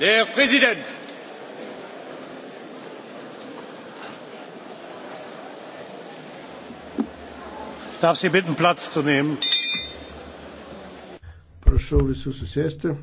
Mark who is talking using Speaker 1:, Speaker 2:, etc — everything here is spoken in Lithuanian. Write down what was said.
Speaker 1: Der Präsident!
Speaker 2: Ich darf Sie bitten, Platz zu nehmen. Prašau visus
Speaker 3: susėsti.